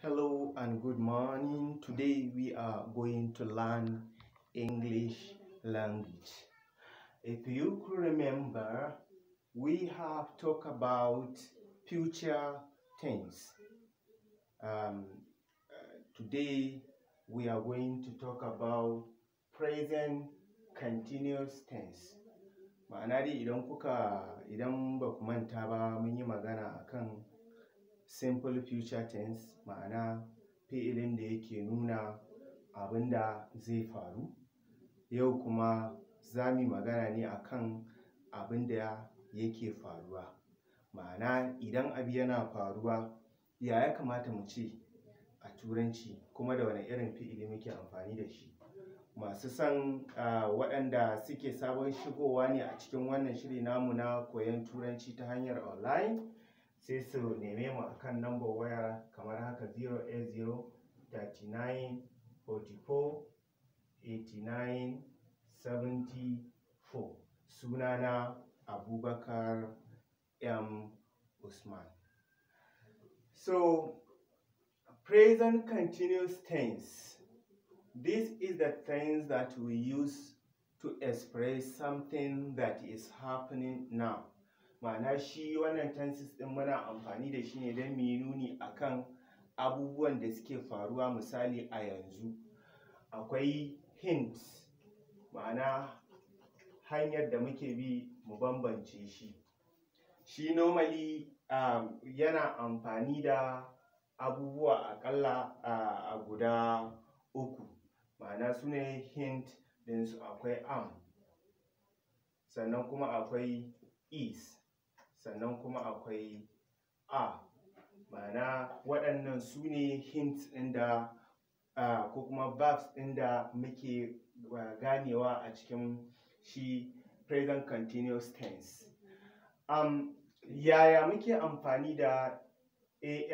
hello and good morning today we are going to learn english language if you remember we have talked about future tense um, today we are going to talk about present continuous tense ma'ana idan kuka idan ba ku manta ba mun yi magana akan simple future tense ma'ana fi'ilin da yake nuna abin da zai faru yau kuma za mu magana ne akan abin da yake faruwa ma'ana idan abu yana faruwa ya ya kamata mu ce a turanci kuma da wani irin fi'ili muke amfani da shi masu son waɗanda suke sabon shigowa ne a cikin wannan shiri namu na koyon turanci ta hanyar online sai su neme mu akan lambar waya kamar haka 080 39 44 89 74 sunana abubakar m usman so present continuous tense this is the tense that we use to express something that is happening now ma'ana shi wannan tenses ɗin muna amfani da shi ne don mu nuni a kan abubuwan da suke faruwa misali a yanzu akwai hint ma'ana hanyar da muke bi mu bambance shi shi normally um, yana amfani da abubuwa akalla uh, a guda uku ma'ana su ne hint ɗinsu akwai am sannan kuma akwai is sannan kuma akwai a ma'ana waɗannan su ne hint ɗin da ko kuma verbs ɗin da muke ganewa a cikin shi present continuous tense um, yaya muke amfani da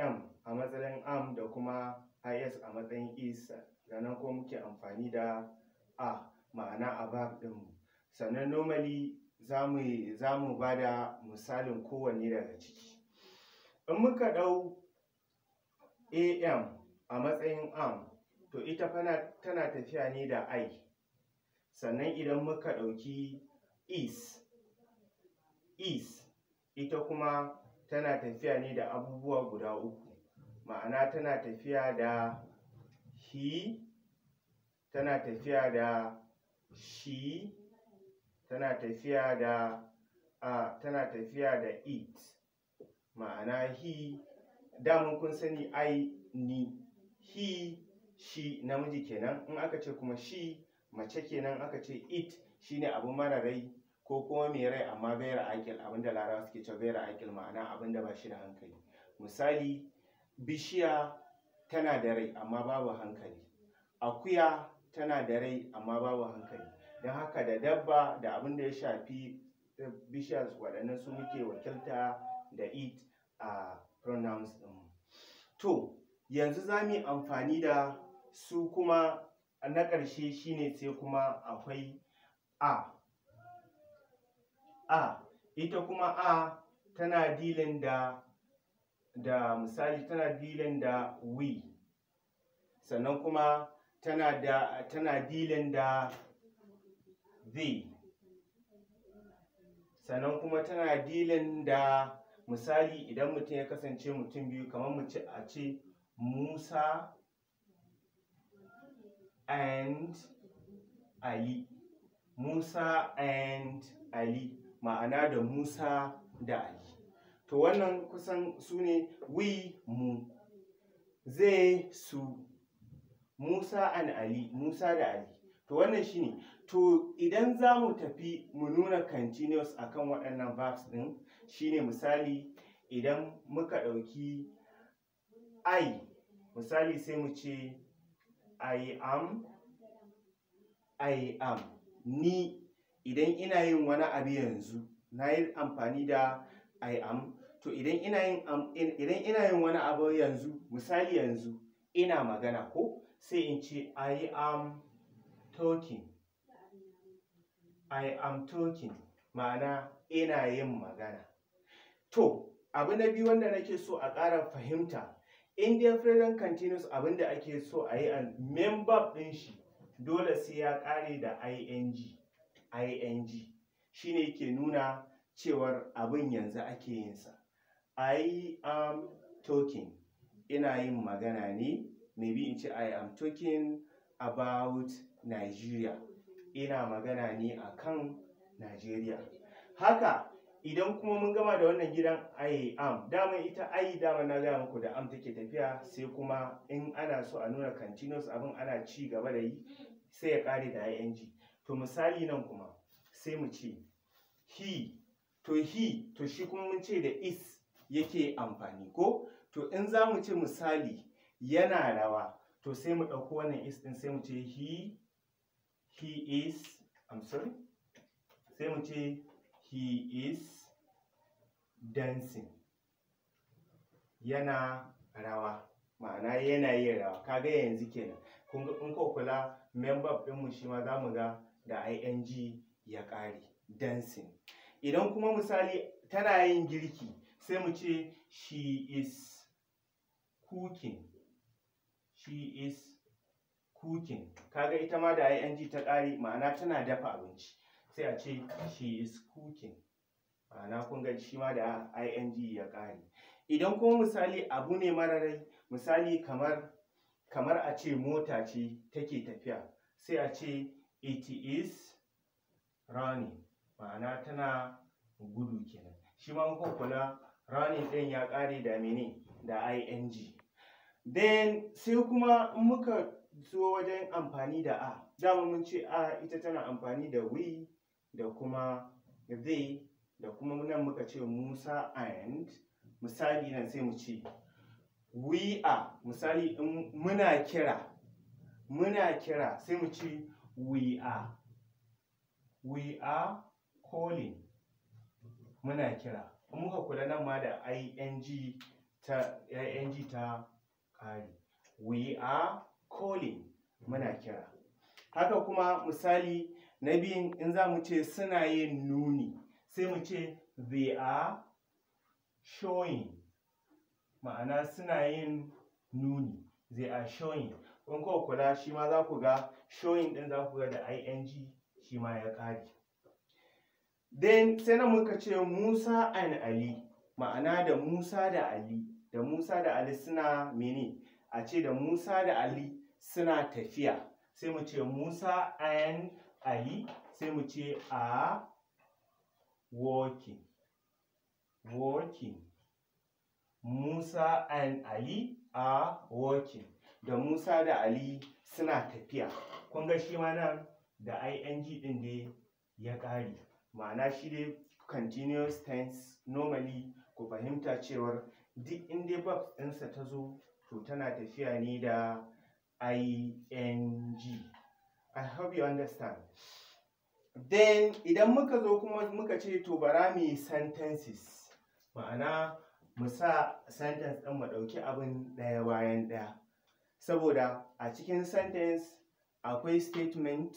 am a matsayin am da kuma is a matsayin is sannan kuma muke amfani da a ma'ana a ɗin mu, sannan normally za mu ba da misalin kowanne daga ciki in muka ɗau am a matsayin am to ita fa tana tafiya ne da i sannan idan muka ɗauki is is ita kuma tana tafiya ne da abubuwa guda uku ma'ana tana tafiya da he tana tafiya da she tana tafiya da a tana tafiya da it ma'ana he damun kun sani i ni he shi namiji kenan in aka ce kuma shi mace kenan aka ce it shine abun mara rai ko kuma mai rai amma gaira akil abinda larawa suke cewa gaira akil ma'ana abinda ba shi da hankali misali bishiya tana da rai amma babu hankali akuya tana da rai amma babu hankali don haka da dabba da abin da ya shafi eh, bishiyar waɗannan su muke wakilta da it a pronouns ɗin to yanzu za mu yi amfani da su kuma na ƙarshe shine sai kuma akwai a a ita kuma a tana dilin da da misali tana dilin da we sannan kuma tana da tana dilin da the sannan kuma tana dilin da misali idan mutum ya kasance mutum biyu kamar mu ce a ce musa and ali musa and ali ma'ana da musa da ali to wannan kusan su ne we mu zai su musa and ali musa da ali to wannan shi ne, to idan za mu tafi mu nuna continuous a kan waɗannan verbs ɗin shi ne misali idan muka ɗauki i misali sai mu ce i am i am ni idan ina yin wani abu yanzu na yi amfani da i am to ina yin idan ina yin wani abu yanzu misali yanzu ina magana ko sai in ce i am talking I am talking ma'ana ina yin magana to abu na biyu wanda nake so a ƙara fahimta dai present continuous abin da ake so a yi a member ɗin shi dole sai ya ƙare da ing ing shine ke nuna cewar abin yanzu ake yinsa i am talking ina yin magana ne maybe in ce i am talking about Najeriya ina magana ne a kan Najeriya haka idan kuma mun gama da wannan gidan I am dama ita I dama na gaya muku da am take tafiya sai kuma in ana so a nuna continuous abin ana ci gaba da yi sai ya kare da ing to misali nan kuma sai mu ce he to he to shi kuma mun ce da is yake amfani ko to in za mu ce misali yana rawa to sai mu ɗauko wannan is ɗin sai mu ce he he is I'm sorry sai he is dancing yana rawa ma'ana yana yin rawa kaga yanzu kenan kun ga in ka kula member mu shi ma za ga da ing ya ƙare dancing idan kuma misali tana yin girki sai mu ce she is cooking she is cooking kaga ita ma da ing ta ƙare ma'ana tana dafa abinci sai a ce she is cooking ma'ana kun ga shi ma da ing ya ƙare idan kuma misali abu ne mararai misali kamar kamar a ce mota ce take tafiya sai a ce it is running ma'ana tana gudu kenan shi ma kuka kula running ɗin ya ƙare da mene da ing then sai kuma muka so wajen amfani da a dama mun ce a ita tana amfani da we da kuma they da kuma nan muka ce musa and misali nan sai mu ce we are misali muna kira muna kira sai mu ce we are we are calling muna kira muka kula nan ma da ing ta ing ta kari we are calling muna kira haka kuma misali na biyun in za mu ce suna yin nuni sai mu ce they are showing ma'ana suna yin nuni they are showing in kowa kula shi ma za ku ga showing ɗin za ku ga da ing shi ma ya kare then sai na muka ce musa and ali ma'ana da musa da ali da musa da ali suna mene a ce da musa da ali suna tafiya sai mu ce musa and ali sai mu ce a walking walking musa and ali are walking da musa da ali suna tafiya kun ga shi ma nan da ing din ne ya ƙare ma'ana shi dai continuous tense normally ku fahimta cewar duk in verb ɗinsa ta zo to tana tafiya ne da ing i hope you understand then idan muka zo kuma muka ce to bara mu sentences ma'ana mu sa sentence ɗin mu ɗauki abin ɗaya bayan ɗaya saboda a cikin sentence akwai statement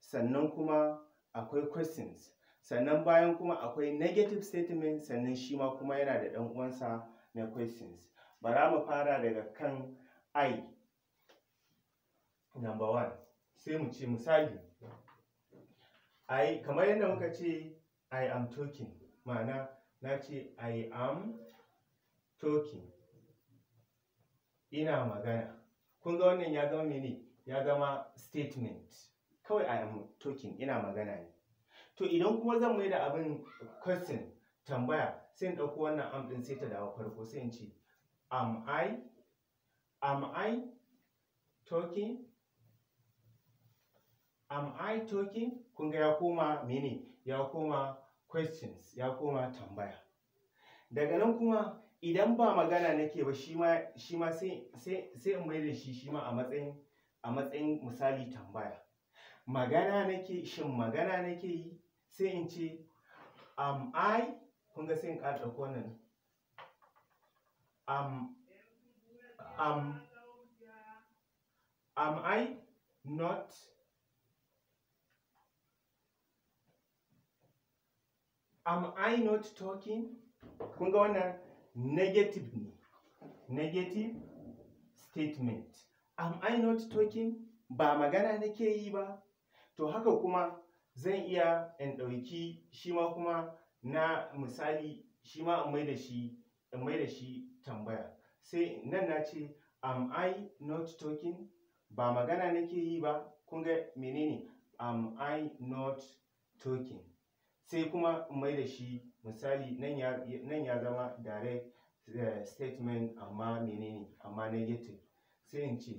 sannan kuma akwai questions sannan bayan kuma akwai negative statement sannan shi ma kuma yana da ɗan uwansa na questions bara mu fara daga kan i number one sai mu ce misali kamar yadda muka ce I am talking ma'ana na ce I am talking ina magana kun ga wannan ya zama mene ya zama statement kawai I am talking ina magana ne to idan kuma zan mai da abin question tambaya sai in ɗauko wannan am ɗin sai ta dawo farko sai in ce am I am I talking am I talking kun ga ya koma mene ya koma questions ya koma tambaya daga nan kuma idan ba magana nake ba shi ma sai in mai da shi shi ma a matsayin a matsayin misali tambaya magana nake shin magana nake yi sai in ce am I kun ga sai in ƙara ɗauko nan am am am I not am I not talking Kunga wana negative ni. negative statement am I not talking ba magana nake yi ba to haka kuma zan iya in ɗauki shi kuma na misali shi ma in mai da shi in shi tambaya sai nan na ce am I not talking ba magana nake yi ba Kunga menene am I not talking sai kuma mai da shi misali nan ya zama direct eh, statement amma menene amma negative sai in ce i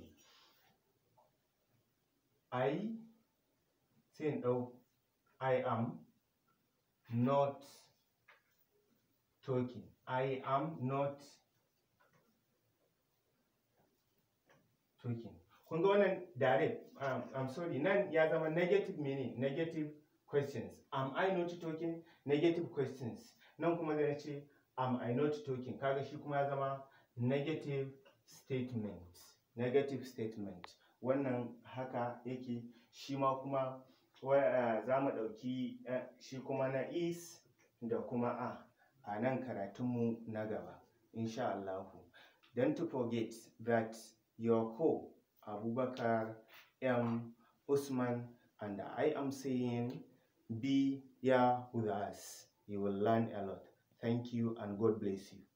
sai in ɗau i am not talking i am not talking kun ga wannan direct um, i'm sorry nan ya zama negative meaning negative questions am i not talking negative questions nan kuma zai ce am i not talking kaga shi kuma ya zama negative statement negative statement wannan haka yake shi ma kuma za mu ɗauki shi kuma na is da kuma a a nan karatunmu na gaba insha Allahu don't to forget that your co Abubakar M Usman and I am saying be here with us. You will learn a lot. Thank you and God bless you.